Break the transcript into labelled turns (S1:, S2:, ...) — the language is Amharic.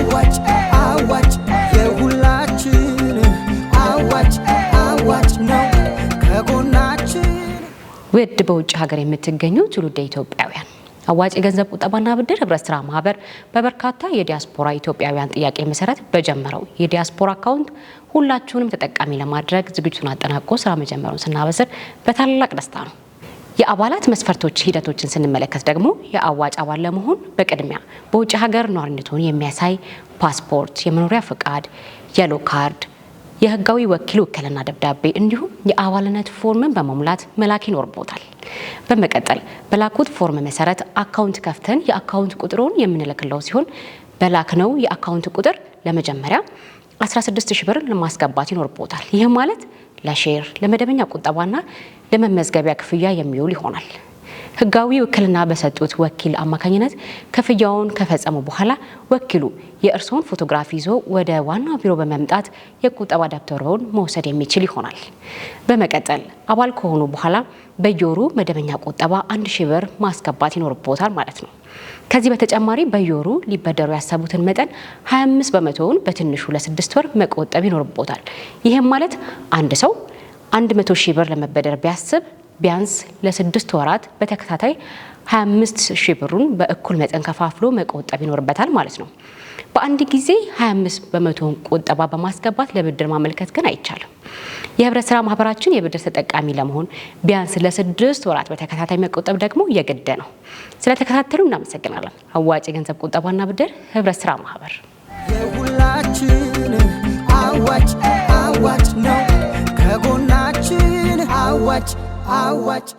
S1: አዋጭ አዋጭ የሁላችን አዋጭ አዋጭ ነው ከጎናችን። ውድ በውጭ ሀገር የምትገኙ ትውልደ ኢትዮጵያውያን አዋጭ የገንዘብ ቁጠባና ብድር ህብረት ስራ ማህበር በበርካታ የዲያስፖራ ኢትዮጵያውያን ጥያቄ መሰረት በጀመረው የዲያስፖራ አካውንት ሁላችሁንም ተጠቃሚ ለማድረግ ዝግጅቱን አጠናቆ ስራ መጀመሩን ስናበስር በታላቅ ደስታ ነው። የአባላት መስፈርቶች ሂደቶችን ስንመለከት ደግሞ የአዋጭ አባል ለመሆን በቅድሚያ በውጭ ሀገር ነዋሪነቱን የሚያሳይ ፓስፖርት፣ የመኖሪያ ፈቃድ፣ የሎ ካርድ፣ የህጋዊ ወኪል ውክልና ደብዳቤ እንዲሁም የአባልነት ፎርምን በመሙላት መላክ ይኖርቦታል። በመቀጠል በላኩት ፎርም መሰረት አካውንት ከፍተን የአካውንት ቁጥሩን የምንልክለው ሲሆን በላክነው የአካውንት ቁጥር ለመጀመሪያ 16 ብር ለማስገባት ይኖርቦታል። ይህም ማለት ለሼር ለመደበኛ ቁጠባና ለመመዝገቢያ ክፍያ የሚውል ይሆናል። ህጋዊ ውክልና በሰጡት ወኪል አማካኝነት ክፍያውን ከፈጸሙ በኋላ ወኪሉ የእርስዎን ፎቶግራፍ ይዞ ወደ ዋናው ቢሮ በመምጣት የቁጠባ ደብተሮውን መውሰድ የሚችል ይሆናል። በመቀጠል አባል ከሆኑ በኋላ በየወሩ መደበኛ ቁጠባ አንድ ሺህ ብር ማስገባት ይኖርቦታል ማለት ነው። ከዚህ በተጨማሪ በየወሩ ሊበደሩ ያሰቡትን መጠን 25 በመቶውን በትንሹ ለስድስት ወር መቆጠብ ይኖርቦታል። ይህም ማለት አንድ ሰው 100 ሺህ ብር ለመበደር ቢያስብ ቢያንስ ለስድስት ወራት በተከታታይ 25 ሺህ ብሩን በእኩል መጠን ከፋፍሎ መቆጠብ ይኖርበታል ማለት ነው። በአንድ ጊዜ 25 በመቶ ቁጠባ በማስገባት ለብድር ማመልከት ግን አይቻልም። የህብረት ስራ ማህበራችን የብድር ተጠቃሚ ለመሆን ቢያንስ ለስድስት ወራት በተከታታይ መቆጠብ ደግሞ የግድ ነው። ስለተከታተሉ እናመሰግናለን። አዋጭ የገንዘብ ቁጠባና ብድር ህብረት ስራ ማህበር የሁላችን አዋጭ አዋጭ ነው። ከጎናችን አዋጭ I watch.